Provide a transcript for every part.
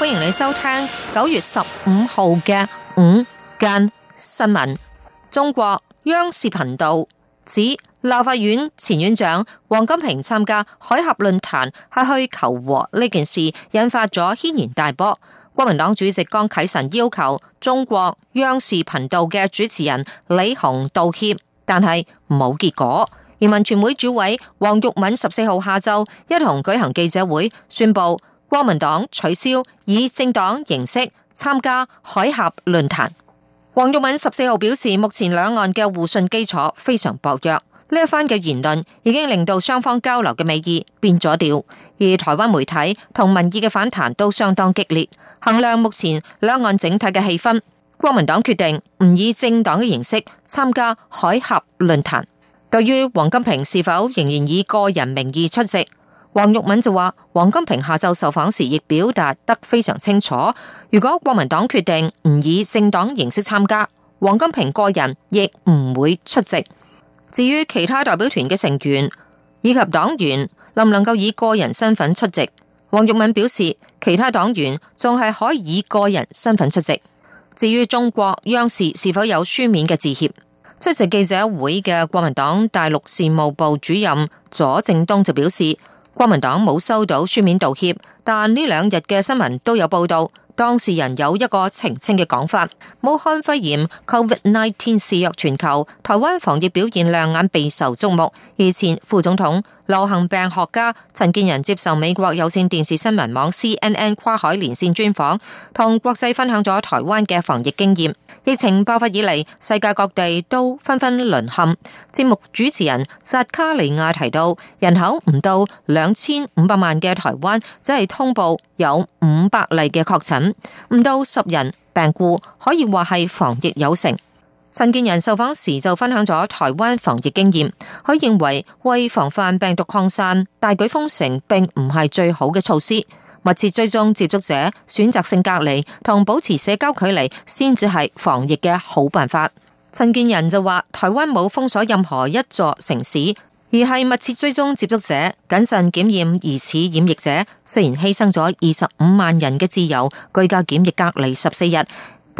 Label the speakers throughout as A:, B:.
A: 歡迎你收聽九月十五號嘅午間新聞。中國央視頻道指，立法院前院長王金平參加海峽論壇係去求和呢件事，引發咗軒然大波。國民黨主席江啟臣要求中國央視頻道嘅主持人李紅道歉，但係冇結果。文傳會主委王育敏十四號下晝一同舉行記者會，宣布。國民黨取消以政黨形式參加海峽論壇。黃玉敏十四號表示，目前兩岸嘅互信基礎非常薄弱，呢一番嘅言論已經令到雙方交流嘅美意變咗調，而台灣媒體同民意嘅反彈都相當激烈。衡量目前兩岸整體嘅氣氛，國民黨決定唔以政黨嘅形式參加海峽論壇。對於王金平是否仍然以個人名義出席？黃玉敏就話，王金平下晝受訪時亦表達得非常清楚。如果國民黨決定唔以政黨形式參加，王金平個人亦唔會出席。至於其他代表團嘅成員以及黨員能唔能夠以個人身份出席，黃玉敏表示，其他黨員仲係可以以個人身份出席。至於中國央視是否有書面嘅致歉，出席記者會嘅國民黨大陸事務部主任左正東就表示。國民黨冇收到書面道歉，但呢兩日嘅新聞都有報道，當事人有一個澄清嘅講法。武漢肺炎 COVID-19 肆虐全球，台灣防疫表現亮眼，備受矚目。以前副總統。流行病學家陳建仁接受美國有線電視新聞網 CNN 跨海連線專訪，同國際分享咗台灣嘅防疫經驗。疫情爆發以嚟，世界各地都紛紛淪陷。節目主持人扎卡里亞提到，人口唔到兩千五百萬嘅台灣，只係通報有五百例嘅確診，唔到十人病故，可以話係防疫有成。陳建仁受訪時就分享咗台灣防疫經驗，佢認為為防範病毒擴散，大舉封城並唔係最好嘅措施，密切追蹤接觸者、選擇性隔離同保持社交距離先至係防疫嘅好辦法。陳建仁就話：台灣冇封鎖任何一座城市，而係密切追蹤接觸者、謹慎檢驗疑似染疫者，雖然犧牲咗二十五萬人嘅自由，居家檢疫隔離十四日。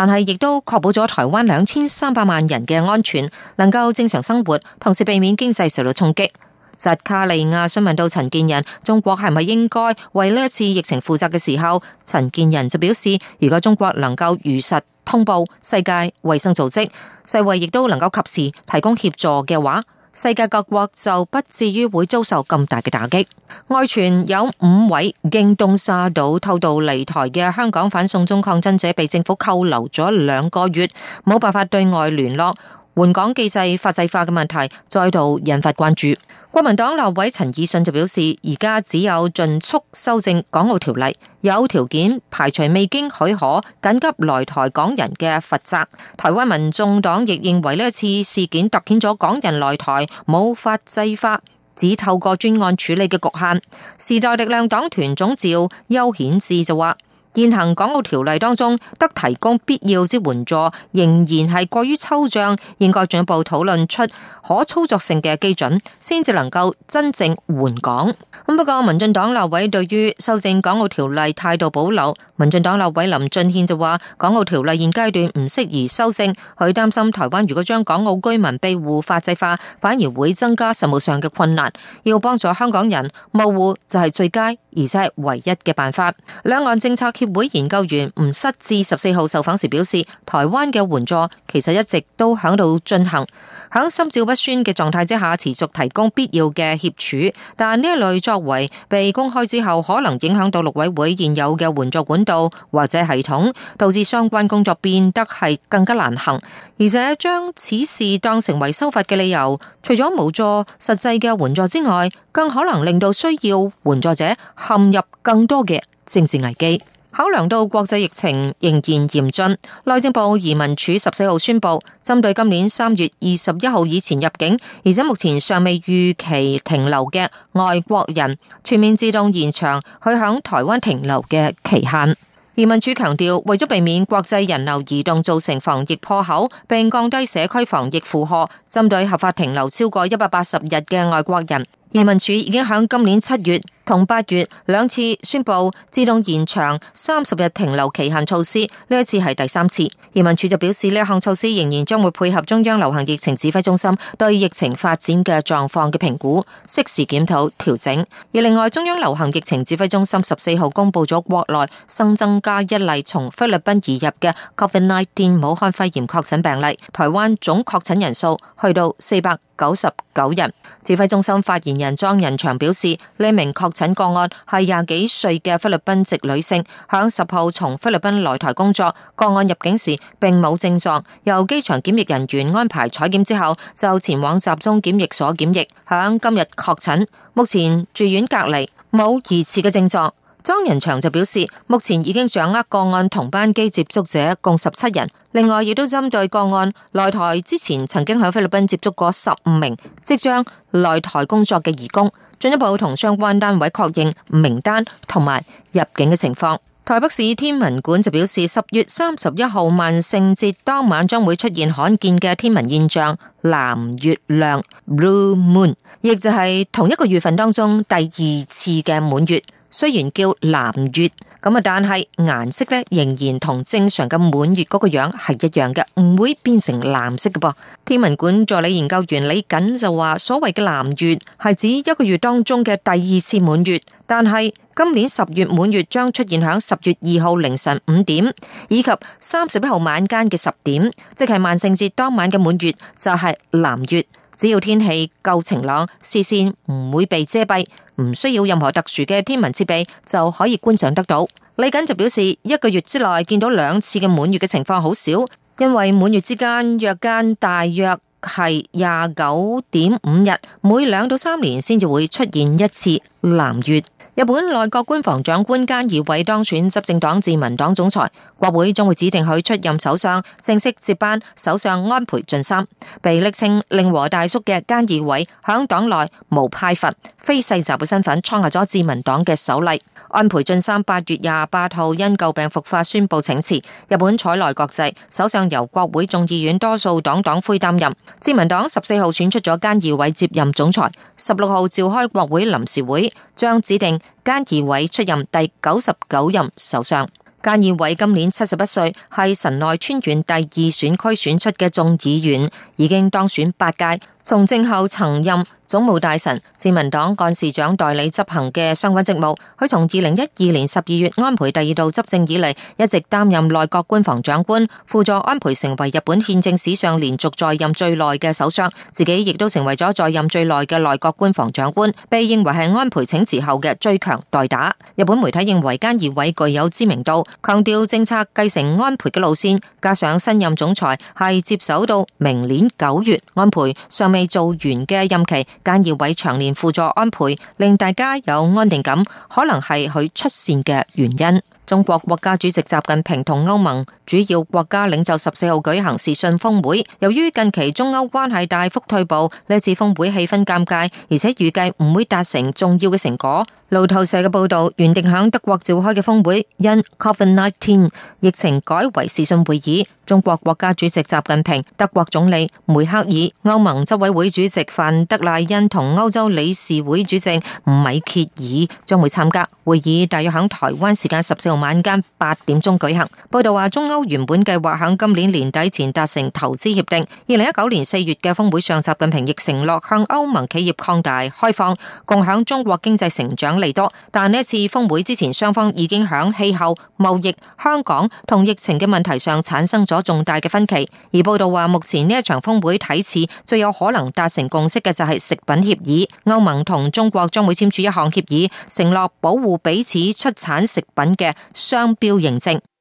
A: 但係亦都確保咗台灣兩千三百萬人嘅安全，能夠正常生活，同時避免經濟受到衝擊。薩卡利亞詢問到陳建仁，中國係咪應該為呢一次疫情負責嘅時候，陳建仁就表示，如果中國能夠如實通報世界衛生組織，世衛亦都能夠及時提供協助嘅話。世界各國就不至於會遭受咁大嘅打擊。外傳有五位經東沙島偷渡嚟台嘅香港反送中抗爭者，被政府扣留咗兩個月，冇辦法對外聯絡。援港機制法制化嘅問題再度引發關注。國民黨立委陳以信就表示，而家只有盡速修正港澳條例，有條件排除未經許可緊急來台港人嘅罰則。台灣民眾黨亦認為呢次事件凸顯咗港人來台冇法制化，只透過專案處理嘅局限。時代力量黨團總召邱顯智就話。現行港澳條例當中得提供必要之援助，仍然係過於抽象，應該進一步討論出可操作性嘅基準，先至能夠真正援港，嗯。不過民進黨立委對於修正港澳條例態度保留。民進黨立委林俊憲就話，港澳條例現階段唔適宜修正，佢擔心台灣如果將港澳居民庇護法制化，反而會增加實務上嘅困難。要幫助香港人庇護就係最佳，而且係唯一嘅辦法。兩岸政策協會研究員吳失志十四號受訪時表示，台灣嘅援助其實一直都響度進行，響心照不宣嘅狀態之下持續提供必要嘅協助。但呢一類作為被公開之後可能影響到陸委會現有嘅援助管道或者系統，導致相關工作變得係更加難行。而且將此事當成為修法嘅理由，除咗無助實際嘅援助之外，更可能令到需要援助者。陷入更多嘅政治危機，考量到國際疫情仍然嚴峻，內政部移民署十四號宣布，針對今年三月二十一號以前入境，而且目前尚未預期停留嘅外國人，全面自動延長佢響台灣停留嘅期限。移民署強調，為咗避免國際人流移動造成防疫破口，並降低社區防疫負荷，針對合法停留超過一百八十日嘅外國人，移民署已經響今年七月。同八月兩次宣布自動延長三十日停留期限措施，呢一次係第三次。移民署就表示，呢項措施仍然將會配合中央流行疫情指揮中心對疫情發展嘅狀況嘅評估，適時檢討調整。而另外，中央流行疫情指揮中心十四號公布咗國內新增加一例從菲律賓移入嘅 COVID-19 武漢肺炎確診病例，台灣總確診人數去到四百九十九人，指揮中心發言人莊仁祥表示，呢名確診個案係廿幾歲嘅菲律賓籍女性，響十號從菲律賓來台工作，個案入境時並冇症狀，由機場檢疫人員安排採檢之後，就前往集中檢疫所檢疫，響今日確診，目前住院隔離，冇疑似嘅症狀。莊人祥就表示，目前已經掌握個案同班機接觸者共十七人，另外亦都針對個案來台之前曾經喺菲律賓接觸過十五名即將來台工作嘅移工，進一步同相關單位確認名單同埋入境嘅情況。台北市天文館就表示，十月三十一號萬聖節當晚將會出現罕見嘅天文現象藍月亮 （Blue Moon），亦就係同一個月份當中第二次嘅滿月。雖然叫藍月，咁啊，但係顏色咧仍然同正常嘅滿月嗰個樣係一樣嘅，唔會變成藍色嘅。噃天文館助理研究員李錦就話，所謂嘅藍月係指一個月當中嘅第二次滿月，但係今年十月滿月將出現喺十月二號凌晨五點，以及三十一號晚間嘅十點，即係萬聖節當晚嘅滿月就係藍月。只要天氣夠晴朗，視線唔會被遮蔽，唔需要任何特殊嘅天文設備就可以觀賞得到。李瑾就表示，一個月之內見到兩次嘅滿月嘅情況好少，因為滿月之間約間大約係廿九點五日，每兩到三年先至會出現一次藍月。日本內閣官房長官菅義偉當選執政黨自民黨總裁，國會將會指定佢出任首相，正式接班首相安倍晉三。被昵稱“令和大叔”嘅菅義偉響黨內無派閥、非世襲嘅身份，創下咗自民黨嘅首例。安倍晉三八月廿八號因舊病復發宣布請辭。日本採內閣制，首相由國會眾議院多數黨黨魁擔任。自民黨十四號選出咗菅義偉接任總裁，十六號召開國會臨時會。將指定菅義偉出任第九十九任首相。菅義偉今年七十一歲，係神奈川縣第二選區選出嘅眾議員，已經當選八屆。從政後曾任總務大臣、自民黨幹事長代理執行嘅相關職務，佢從二零一二年十二月安倍第二度執政以嚟，一直擔任內閣官房長官，輔助安倍成為日本憲政史上連續在任最耐嘅首相，自己亦都成為咗在任最耐嘅內閣官房長官，被認為係安倍請辭後嘅最強代打。日本媒體認為菅義偉具有知名度，強調政策繼承安倍嘅路線，加上新任總裁係接手到明年九月，安倍尚未做完嘅任期。菅義偉長年輔助安倍，令大家有安定感，可能係佢出線嘅原因。中國國家主席習近平同歐盟主要國家領袖十四號舉行視訊峰會。由於近期中歐關係大幅退步，呢次峰會氣氛尷尬，而且預計唔會達成重要嘅成果。路透社嘅報道，原定響德國召開嘅峰會因，因 Covid-19 疫情改為視訊會議。中國國家主席習近平、德國總理梅克爾、歐盟執委會主席范德賴。因同歐洲理事會主席米歇爾將會參加會議，大約喺台灣時間十四號晚間八點鐘舉行。報道話，中歐原本計劃喺今年年底前達成投資協定。二零一九年四月嘅峰會上，習近平亦承諾向歐盟企業擴大開放，共享中國經濟成長利多。但呢一次峰會之前，雙方已經喺氣候、貿易、香港同疫情嘅問題上產生咗重大嘅分歧。而報道話，目前呢一場峰會睇似最有可能達成共識嘅就係、是食品協議，歐盟同中國將會簽署一項協議，承諾保護彼此出產食品嘅商標認證。